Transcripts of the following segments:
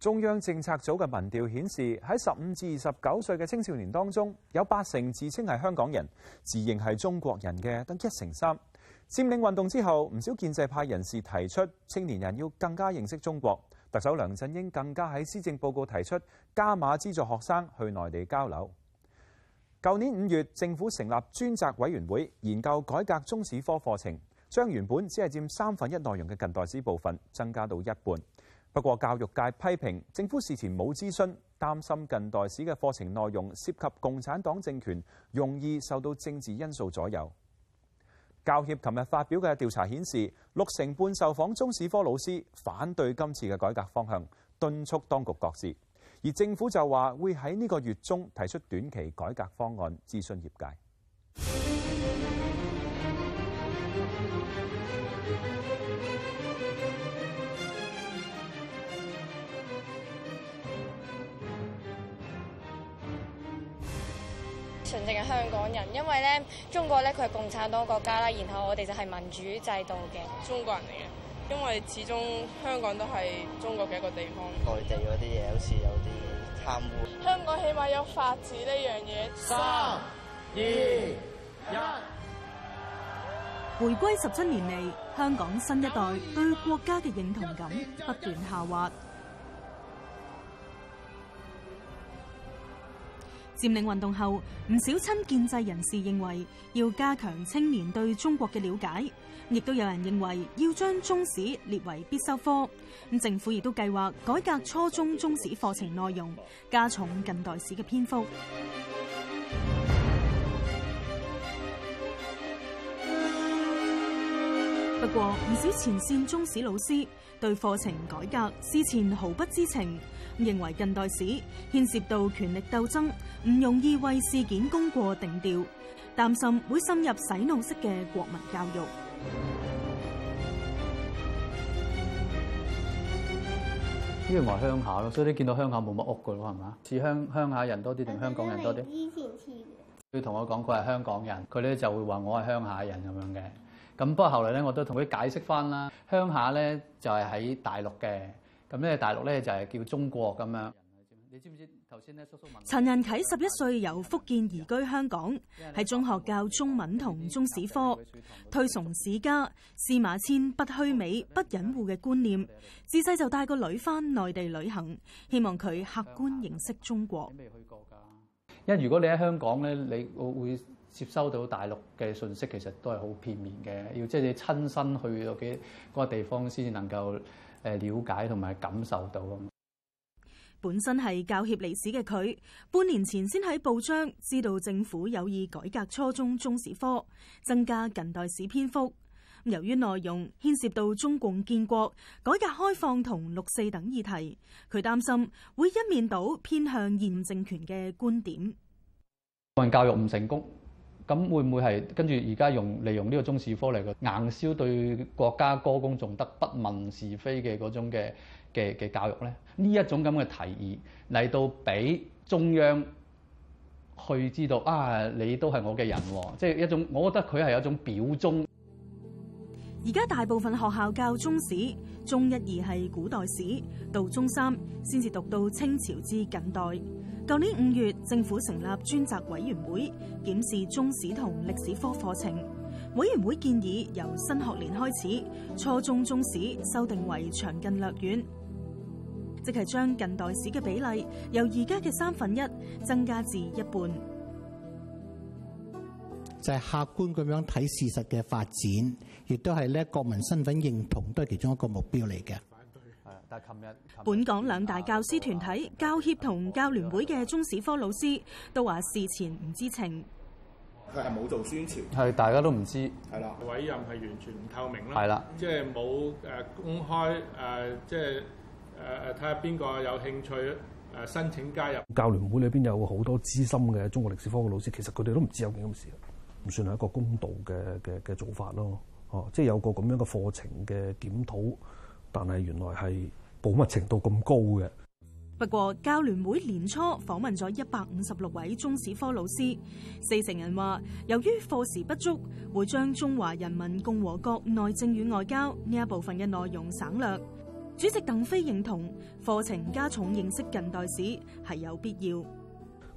中央政策組嘅民調顯示，喺十五至二十九歲嘅青少年當中，有八成自稱係香港人，自認係中國人嘅得一成三。佔領運動之後唔少建制派人士提出青年人要更加認識中國，特首梁振英更加喺施政報告提出加碼資助學生去內地交流。舊年五月，政府成立專責委員會研究改革中史科課程，將原本只係佔三分一內容嘅近代史部分增加到一半。不過，教育界批評政府事前冇諮詢，擔心近代史嘅課程內容涉及共產黨政權，容易受到政治因素左右。教協琴日發表嘅調查顯示，六成半受訪中史科老師反對今次嘅改革方向，敦促當局擱置。而政府就話會喺呢個月中提出短期改革方案，諮詢業界。香港人，因為咧，中國咧佢係共產黨國家啦，然後我哋就係民主制度嘅中國人嚟嘅，因為始終香港都係中國嘅一個地方。內地嗰啲嘢好似有啲貪污。香港起碼有法治呢樣嘢。三二一，回歸十七年嚟，香港新一代對國家嘅認同感不斷下滑。佔領運動後，唔少親建制人士認為要加強青年對中國嘅了解，亦都有人認為要將中史列為必修科。政府亦都計劃改革初中中史課程內容，加重近代史嘅篇幅。不過，唔少前線中史老師對課程改革事前毫不知情。認為近代史牽涉到權力鬥爭，唔容易為事件功過定調，擔心會深入洗腦式嘅國民教育。呢個我係鄉下咯，所以你見到鄉下冇乜屋噶咯，係嘛？似鄉鄉下人多啲定香港人多啲？以前似佢同我講，佢係香港人，佢咧就會話我係鄉下人咁樣嘅。咁不過後來咧，我都同佢解釋翻啦，鄉下咧就係喺大陸嘅。咁咧大陸咧就係叫中國咁樣。你知唔知頭先咧？叔叔問陳仁啟十一歲由福建移居香港，係中學教中文同中史科，推崇史家司馬遷不虛美不隱惡嘅觀念。自細就帶個女返內地旅行，希望佢客觀認識中國。未去過㗎。因為如果你喺香港咧，你會接收到大陸嘅信息，其實都係好片面嘅。要即係你親身去到嘅嗰個地方，先至能夠。誒了解同埋感受到啊！本身係教協歷史嘅佢，半年前先喺報章知道政府有意改革初中中史科，增加近代史篇幅。由於內容牽涉到中共建國、改革開放同六四等議題，佢擔心會一面倒偏向現政權嘅觀點。國民教育唔成功。咁會唔會係跟住而家用利用呢個中史科嚟嘅硬銷對國家歌功頌德不問是非嘅嗰種嘅嘅嘅教育咧？呢一種咁嘅提議嚟到俾中央去知道啊，你都係我嘅人喎，即係一種，我覺得佢係一種表忠。而家大部分學校教中史。中一二係古代史，到中三先至讀到清朝至近代。舊年五月，政府成立專責委員會檢視中史同歷史科課程。委員會建議由新學年開始，初中中史修訂為詳近略遠，即係將近代史嘅比例由而家嘅三分一增加至一半。就係客觀咁樣睇事實嘅發展，亦都係咧國民身份認同都係其中一個目標嚟嘅。但係琴日本港兩大教師團體、啊、教協同教聯會嘅中史科老師都話事前唔知情，佢係冇做宣傳，係大家都唔知係啦。的委任係完全唔透明啦，係啦的，即係冇誒公開誒，即係誒誒睇下邊個有興趣誒申請加入，教聯會裏邊有好多資深嘅中國歷史科嘅老師，其實佢哋都唔知有件咁嘅事。算係一個公道嘅嘅嘅做法咯，哦，即係有個咁樣嘅課程嘅檢討，但係原來係保密程度咁高嘅。不過，教聯會年初訪問咗一百五十六位中史科老師，四成人話，由於課時不足，會將中華人民共和國內政與外交呢一部分嘅內容省略。主席鄧飛認同課程加重認識近代史係有必要。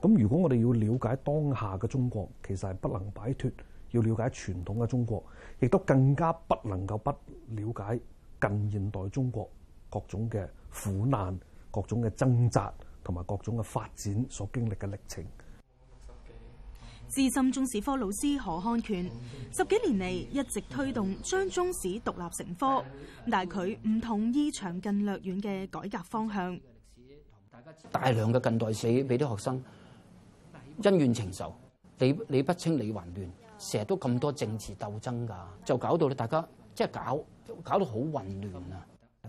咁如果我哋要了解當下嘅中國，其實，係不能擺脫要了解傳統嘅中國，亦都更加不能夠不了解近現代中國各種嘅苦難，各種嘅掙扎同埋各種嘅發展所經歷嘅歷程。資深中史科老師何漢權十幾年嚟一直推動將中史獨立成科，但係佢唔同意詳近略遠嘅改革方向。大量嘅近代史俾啲學生。恩怨情仇，理理不清，理還亂，成日都咁多政治鬥爭㗎，就搞到你大家即係搞，搞到好混亂啊！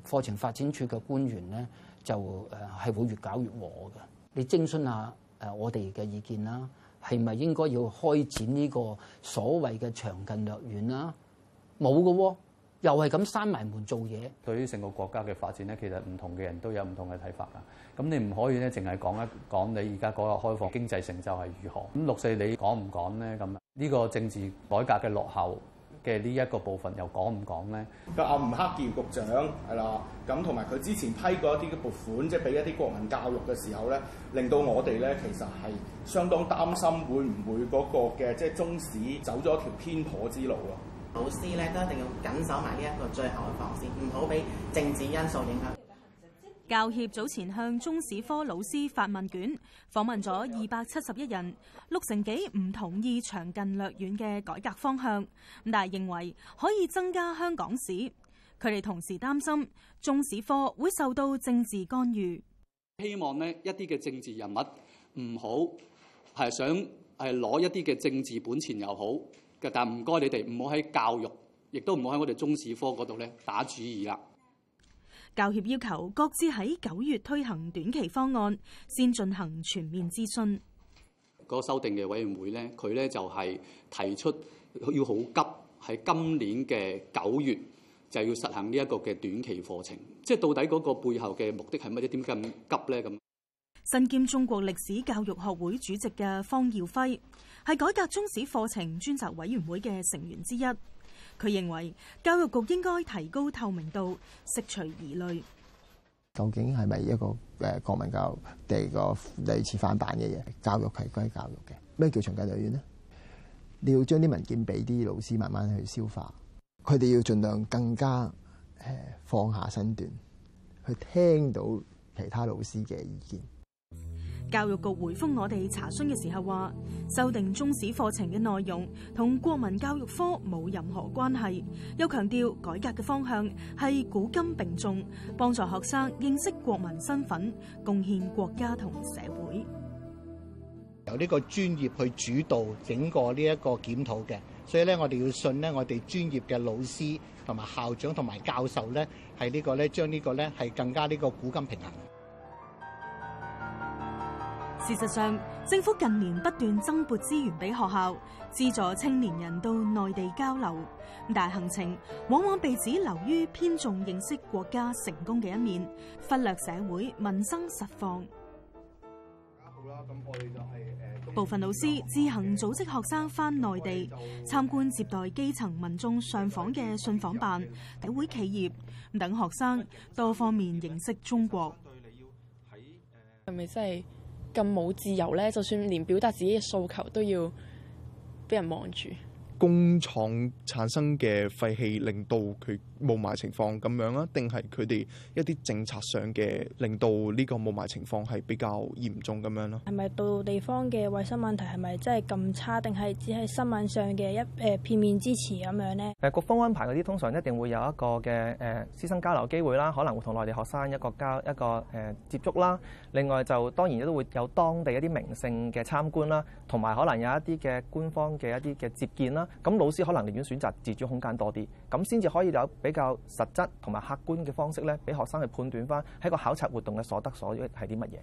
課程發展處嘅官員咧，就誒係會越搞越和嘅。你徵詢下誒我哋嘅意見啦，係咪應該要開展呢個所謂嘅詳近略遠啦？冇嘅喎。又係咁閂埋門做嘢。對於成個國家嘅發展咧，其實唔同嘅人都有唔同嘅睇法㗎。咁你唔可以咧，淨係講一講你而家改革開放經濟成就係如何。咁六四你講唔講咧？咁呢個政治改革嘅落後嘅呢一個部分又講唔講咧？個阿吳克儉局長係啦，咁同埋佢之前批過一啲撥款，即係俾一啲國民教育嘅時候咧，令到我哋咧其實係相當擔心會唔會嗰個嘅即係中史走咗一條偏頗之路咯。老師咧都一定要緊守埋呢一個最後嘅防線，唔好俾政治因素影響。教協早前向中史科老師發問卷，訪問咗二百七十一人，六成幾唔同意詳近略遠嘅改革方向。咁但係認為可以增加香港史。佢哋同時擔心中史科會受到政治干預。希望呢一啲嘅政治人物唔好係想係攞一啲嘅政治本錢又好。但唔該你哋，唔好喺教育，亦都唔好喺我哋中史科嗰度咧打主意啦。教協要求各自喺九月推行短期方案，先進行全面諮詢。嗰個修訂嘅委員會咧，佢咧就係提出要好急，喺今年嘅九月就要實行呢一個嘅短期課程。即係到底嗰個背後嘅目的係乜嘢？點解咁急咧？咁？身兼中國歷史教育學會主席嘅方耀輝係改革中史課程專責委員會嘅成員之一。佢認為教育局應該提高透明度，釋除疑慮。究竟係咪一個誒國民教育第二個類似翻版嘅嘢？教育係歸教育嘅咩叫長教留院呢？你要將啲文件俾啲老師慢慢去消化，佢哋要盡量更加誒放下身段去聽到其他老師嘅意見。教育局回覆我哋查詢嘅時候話，修訂中史課程嘅內容同國民教育科冇任何關係，又強調改革嘅方向係古今並重，幫助學生認識國民身份，貢獻國家同社會。由呢個專業去主導整個呢一個檢討嘅，所以咧，我哋要信呢，我哋專業嘅老師同埋校長同埋教授咧，係呢個咧，將呢個咧，係更加呢個古今平衡。事實上，政府近年不斷增撥資源俾學校，資助青年人到內地交流。咁但行程往往被指流於偏重認識國家成功嘅一面，忽略社會民生實況。就是呃、部分老師自行組織學生返內地參觀接待基層民眾上訪嘅信訪辦、體會企業等，學生多方面認識中國。係咪真係？咁冇自由咧，就算連表達自己嘅訴求都要俾人望住。工廠產生嘅廢氣令到佢霧霾情況咁樣啊，定係佢哋一啲政策上嘅令到呢個霧霾情況係比較嚴重咁樣咯？係咪到地方嘅衞生問題係咪真係咁差？定係只係新聞上嘅一誒片面之詞咁樣呢？誒，局方安排嗰啲通常一定會有一個嘅誒師生交流機會啦，可能會同內地學生一個交一個誒接觸啦。另外就當然亦都會有當地一啲名勝嘅參觀啦，同埋可能有一啲嘅官方嘅一啲嘅接見啦。咁老師可能寧願選擇自主空間多啲，咁先至可以有俾。比較實質同埋客觀嘅方式咧，俾學生去判斷翻喺個考察活動嘅所得所益啲乜嘢？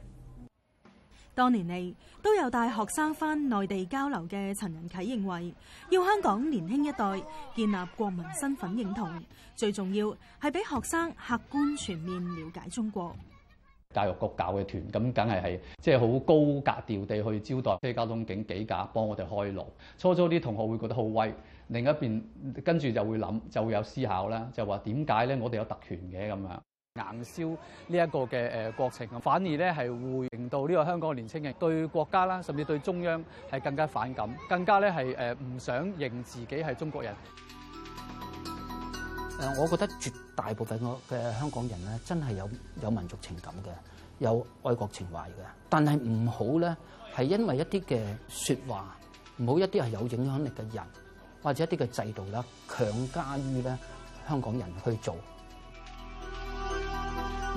多年嚟都有帶學生翻內地交流嘅陳仁啟認為，要香港年輕一代建立國民身份認同，最重要係俾學生客觀全面了解中國。教育局教嘅團咁，梗係係即係好高格調地去招待，即係交通警幾架幫我哋開路。初初啲同學會覺得好威。另一邊跟住就會諗，就會有思考啦，就話點解咧？我哋有特權嘅咁樣，硬銷呢一個嘅國情，反而咧係會令到呢個香港年輕人對國家啦，甚至對中央係更加反感，更加咧係唔想認自己係中國人。我覺得絕大部分嘅香港人咧，真係有有民族情感嘅，有愛國情懷嘅，但係唔好咧，係因為一啲嘅說話，唔好一啲係有影響力嘅人。或者一啲嘅制度啦，強加於咧香港人去做。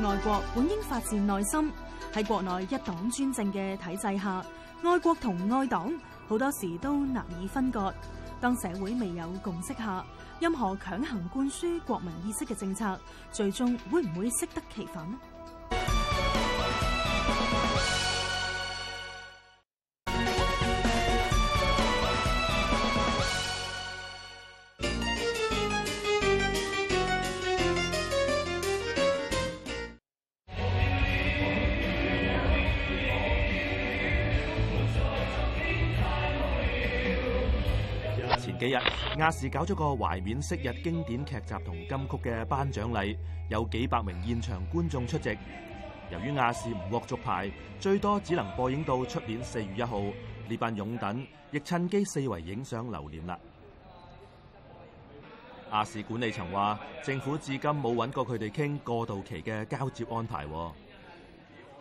愛國本應發自內心，喺國內一黨專政嘅體制下，愛國同愛黨好多時都難以分割，當社會未有共識下，任何強行灌輸國民意識嘅政策，最終會唔會適得其反呢？亞視搞咗個懷緬昔日經典劇集同金曲嘅頒獎禮，有幾百名現場觀眾出席。由於亞視唔獲續牌，最多只能播映到出年四月一號。呢班擁躉亦趁機四圍影相留念啦。亞視管理層話，政府至今冇揾過佢哋傾過渡期嘅交接安排。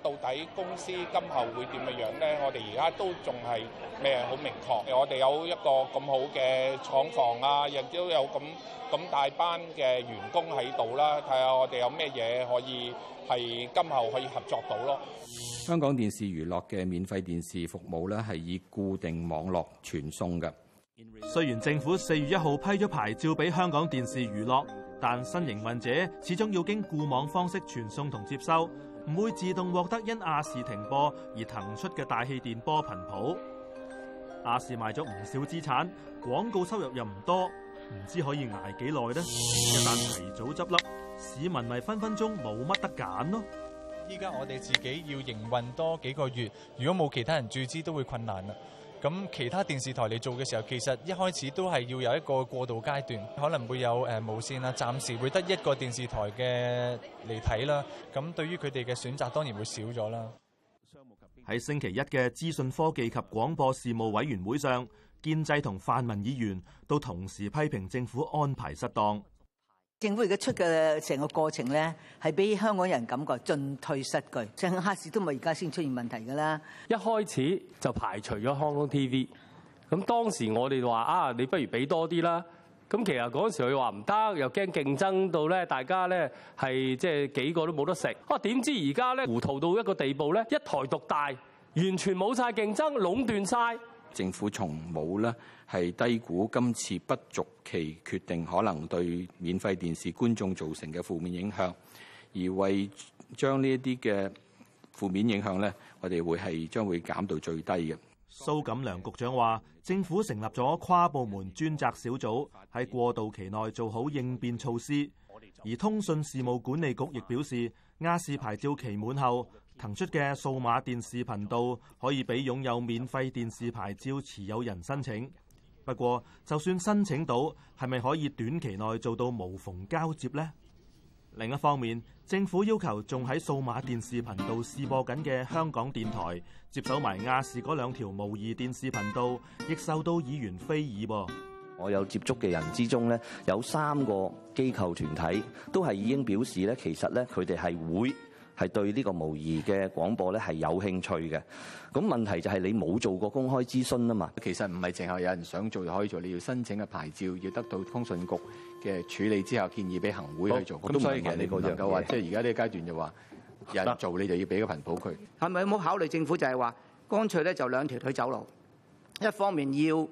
到底公司今後會點嘅樣咧？我哋而家都仲係未係好明確。我哋有一個咁好嘅廠房啊，亦都有咁咁大班嘅員工喺度啦。睇下我哋有咩嘢可以係今後可以合作到咯。香港電視娛樂嘅免費電視服務咧，係以固定網絡傳送嘅。雖然政府四月一號批咗牌照俾香港電視娛樂，但新營運者始終要經固網方式傳送同接收。唔會自動獲得因亞視停播而騰出嘅大氣電波頻譜。亞視賣咗唔少資產，廣告收入又唔多，唔知可以捱幾耐呢？一旦提早執笠，市民咪分分鐘冇乜得揀咯。依家我哋自己要營運多幾個月，如果冇其他人注資，都會困難啦。咁其他電視台嚟做嘅時候，其實一開始都係要有一個過渡階段，可能會有無線啊，暫時會得一個電視台嘅嚟睇啦。咁對於佢哋嘅選擇當然會少咗啦。喺星期一嘅資訊科技及廣播事務委員會上，建制同泛民議員都同時批評政府安排失當。政府而家出嘅成個過程咧，係俾香港人感覺進退失據。正黑市都唔係而家先出現問題噶啦，一開始就排除咗香港 TV。咁當時我哋話啊，你不如俾多啲啦。咁其實嗰時佢話唔得，又驚競爭到咧，大家咧係即係幾個都冇得食。啊，點知而家咧糊塗到一個地步咧，一台獨大，完全冇晒競爭，壟斷晒。政府從冇啦。係低估今次不續期決定可能對免費電視觀眾造成嘅負面影響，而為將呢一啲嘅負面影響呢，我哋會係將會減到最低嘅。蘇錦良局長話：政府成立咗跨部門專責小組，喺過渡期內做好應變措施。而通訊事務管理局亦表示，亞視牌照期滿後騰出嘅數碼電視頻道可以俾擁有免費電視牌照持有人申請。不過，就算申請到，係咪可以短期內做到無縫交接呢？另一方面，政府要求仲喺數碼電視頻道試播緊嘅香港電台接手埋亞視嗰兩條模擬電視頻道，亦受到議員非議噃。我有接觸嘅人之中呢，有三個機構團體都係已經表示咧，其實咧佢哋係會。係對呢個模擬嘅廣播咧係有興趣嘅，咁問題就係你冇做過公開諮詢啊嘛。其實唔係淨係有人想做就可以做，你要申請嘅牌照要得到通訊局嘅處理之後，建議俾行會去做，不我都唔認以你嗰啲。能夠話的即係而家呢個階段就話有人做，你就要俾個頻譜佢。係咪有冇考慮政府就係話，乾脆咧就兩條腿走路，一方面要誒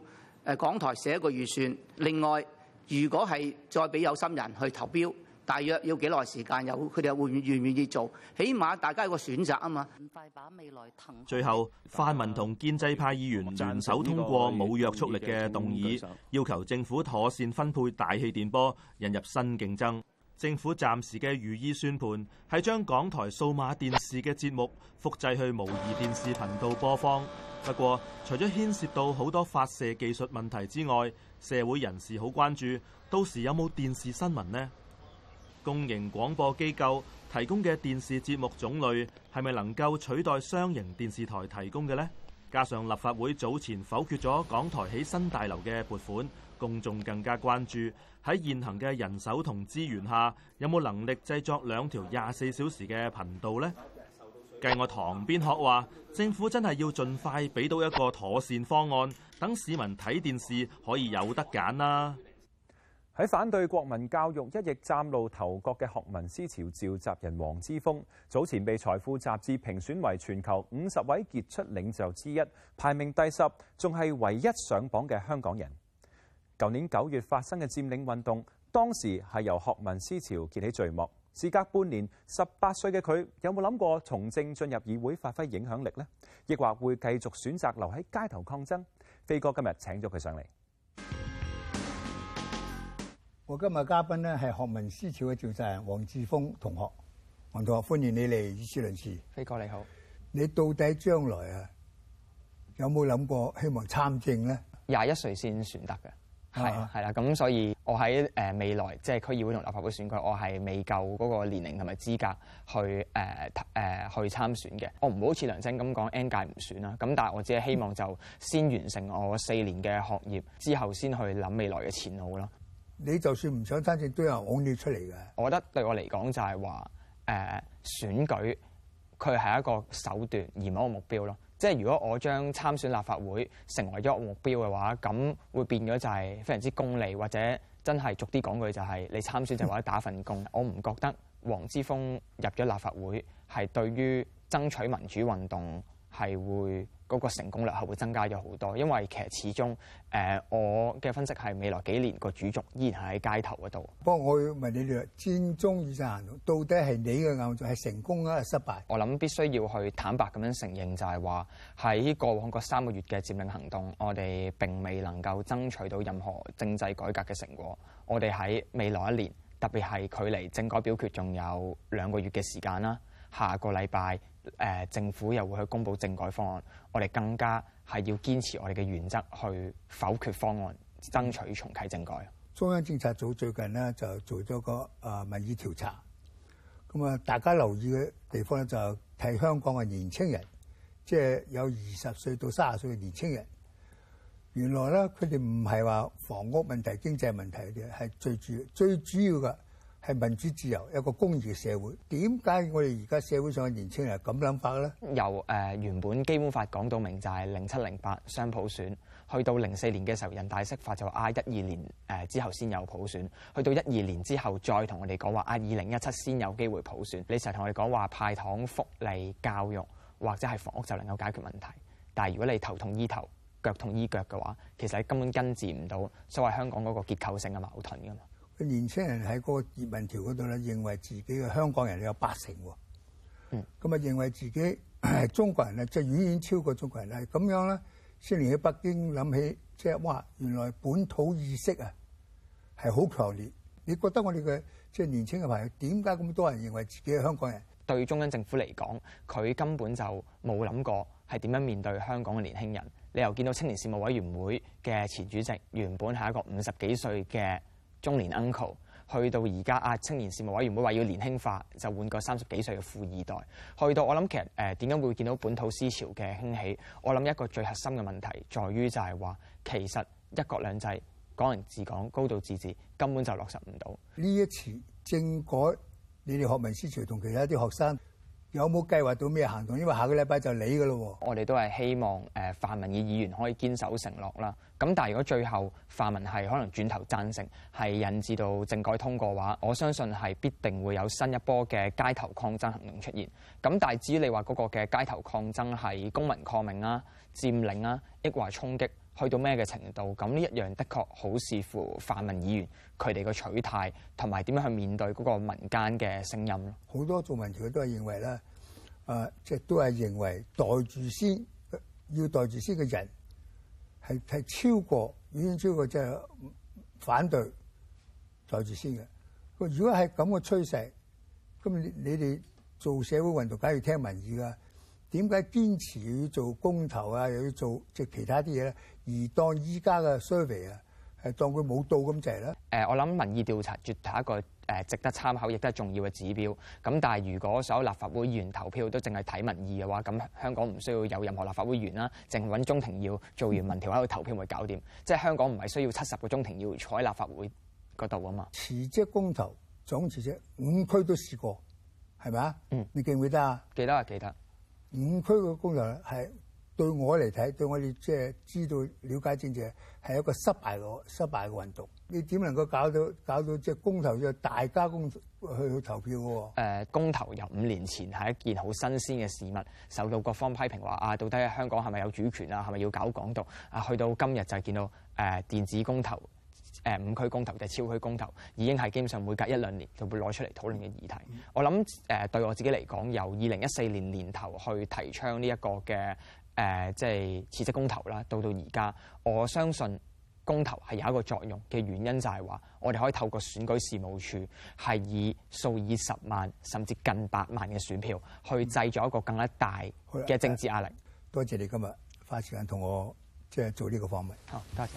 港台寫個預算，另外如果係再俾有心人去投標。大約要幾耐時間？又佢哋又會願唔願意做？起碼大家有一個選擇啊嘛。快把未最後，泛民同建制派議員聯手通過冇約束力嘅動議，要求政府妥善分配大氣電波，引入新競爭。政府暫時嘅如意算盤係將港台數碼電視嘅節目複製去模擬電視頻道播放。不過，除咗牽涉到好多發射技術問題之外，社會人士好關注，到時有冇電視新聞呢？公營廣播機構提供嘅電視節目種類係咪能夠取代商營電視台提供嘅呢？加上立法會早前否決咗港台起新大樓嘅撥款，公眾更加關注喺現行嘅人手同資源下，有冇能力製作兩條廿四小時嘅頻道呢？計我堂邊鶴話，政府真係要盡快俾到一個妥善方案，等市民睇電視可以有得揀啦、啊。喺反對國民教育一役嶄露頭角嘅學民思潮召集人黃之鋒，早前被財富雜誌評選為全球五十位傑出領袖之一，排名第十，仲係唯一上榜嘅香港人。舊年九月發生嘅佔領運動，當時係由學民思潮揭起序幕。事隔半年，十八歲嘅佢有冇諗過從政進入議會發揮影響力呢？亦或會繼續選擇留喺街頭抗爭？飛哥今日請咗佢上嚟。我今日嘉賓咧係學文思潮嘅召集人黃之鋒同學，黃同學歡迎你嚟《議事論事》。飛哥你好，你到底將來啊有冇諗過希望參政咧？廿一歲先選得嘅係啊,啊，係啦。咁所以我喺誒未來即係區議會同立法會選舉，我係未夠嗰個年齡同埋資格去誒誒、呃呃、去參選嘅。我唔好似梁振咁講 N 屆唔選啦。咁但係我只係希望就先完成我四年嘅學業之後，先去諗未來嘅前路咯。你就算唔想參選，都有人推你出嚟嘅。我覺得對我嚟講就係話誒，選舉佢係一個手段而冇個目標咯。即係如果我將參選立法會成為咗個目標嘅話，咁會變咗就係非常之功利，或者真係俗啲講句就係你參選就為咗打份工。 我唔覺得黃之鋒入咗立法會係對於爭取民主運動係會嗰、那個成功率係會增加咗好多，因為其實始終誒、呃、我嘅分析係未來幾年個主軸依然係喺街頭嗰度。不過我要問你哋，佔中預選行動到底係你嘅任務係成功啊，係失敗？我諗必須要去坦白咁樣承認就是說，就係話喺過往個三個月嘅佔領行動，我哋並未能夠爭取到任何政制改革嘅成果。我哋喺未來一年，特別係距離政改表決仲有兩個月嘅時間啦，下個禮拜。誒政府又會去公布政改方案，我哋更加係要堅持我哋嘅原則去否決方案，爭取重啟政改。中央政策組最近呢，就做咗個啊民意調查，咁啊大家留意嘅地方咧就係香港嘅年青人，即係有二十歲到三十歲嘅年青人，原來咧佢哋唔係話房屋問題、經濟問題嗰啲，係最主最主要嘅。係民主自由一個公義社會，點解我哋而家社會上嘅年輕人咁諗法呢？由誒、呃、原本基本法講到明就係零七零八雙普選，去到零四年嘅時候人大釋法就話、啊，一二年誒、啊、之後先有普選，去到一二年之後再同我哋講話啊，二零一七先有機會普選。你成日同我哋講話派糖福利教育或者係房屋就能夠解決問題，但係如果你頭痛醫頭腳痛醫腳嘅話，其實係根本根治唔到所謂香港嗰個結構性嘅矛盾噶年青人喺個民調嗰度咧，認為自己嘅香港人有八成，咁啊、嗯，咁認為自己中國人咧，即係遠遠超過中國人咧。咁樣咧，先連喺北京諗起，即係，哇，原來本土意識啊係好強烈。你覺得我哋嘅即係年青嘅朋友點解咁多人認為自己係香港人？對中央政府嚟講，佢根本就冇諗過係點樣面對香港嘅年輕人。你又見到青年事務委員會嘅前主席，原本係一個五十幾歲嘅。中年 uncle 去到而家啊，青年事務委員會話要年輕化，就換個三十幾歲嘅富二代。去到我諗其實誒，點解會見到本土思潮嘅興起？我諗一個最核心嘅問題在於就係話其實一國兩制、港人治港、高度自治，根本就落實唔到。呢一次政改，你哋學民思潮同其他一啲學生。有冇計劃到咩行動？因為下個禮拜就你嘅咯。我哋都係希望誒泛民嘅議員可以堅守承諾啦。咁但係如果最後泛民係可能轉頭贊成，係引致到政改通過嘅話，我相信係必定會有新一波嘅街頭抗爭行動出現。咁但係至於你話嗰個嘅街頭抗爭係公民抗命啊、佔領啊，抑或衝擊？去到咩嘅程度？咁呢一樣的確好視乎泛民議員佢哋嘅取態，同埋點樣去面對嗰個民間嘅聲音。好多做民調嘅都係認為咧，誒、啊、即係都係認為袋住先，要袋住先嘅人係係超過已經超過即係反對袋住先嘅。如果係咁嘅趨勢，咁你哋做社會運動，梗係要聽民意㗎。點解堅持要做公投啊？又要做即係其他啲嘢咧？而當依家嘅 survey 啊，係當佢冇到咁就係啦。誒，我諗民意調查絕對一個誒、呃、值得參考，亦都係重要嘅指標。咁但係如果所有立法會議員投票都淨係睇民意嘅話，咁香港唔需要有任何立法會議員啦，淨係揾鍾庭耀做完民調喺度投票咪搞掂。即係香港唔係需要七十個鍾庭耀坐喺立法會嗰度啊嘛。辭職公投總辭職，五區都試過，係咪啊？嗯，你記唔記得啊？記得啊，記得。五區個公投係。對我嚟睇，對我哋即係知道了解政治係一個失敗嘅失敗嘅運動。你點能夠搞到搞到即係公投，即係大家公去去投票嘅喎、呃？公投由五年前係一件好新鮮嘅事物，受到各方批評話啊，到底香港係咪有主權啊？係咪要搞港獨啊？去到今日就係見到誒、呃、電子公投、誒、呃、五區公投定係、就是、超區公投，已經係基本上每隔一兩年就會攞出嚟討論嘅議題。嗯、我諗誒、呃，對我自己嚟講，由二零一四年年頭去提倡呢一個嘅。誒，即係、呃就是、辭職公投啦，到到而家，我相信公投係有一個作用嘅原因就係話，我哋可以透過選舉事務處係以數以十萬甚至近百萬嘅選票，去製造一個更加大嘅政治壓力。多謝你今日花時間同我即係做呢個訪問。好，多謝。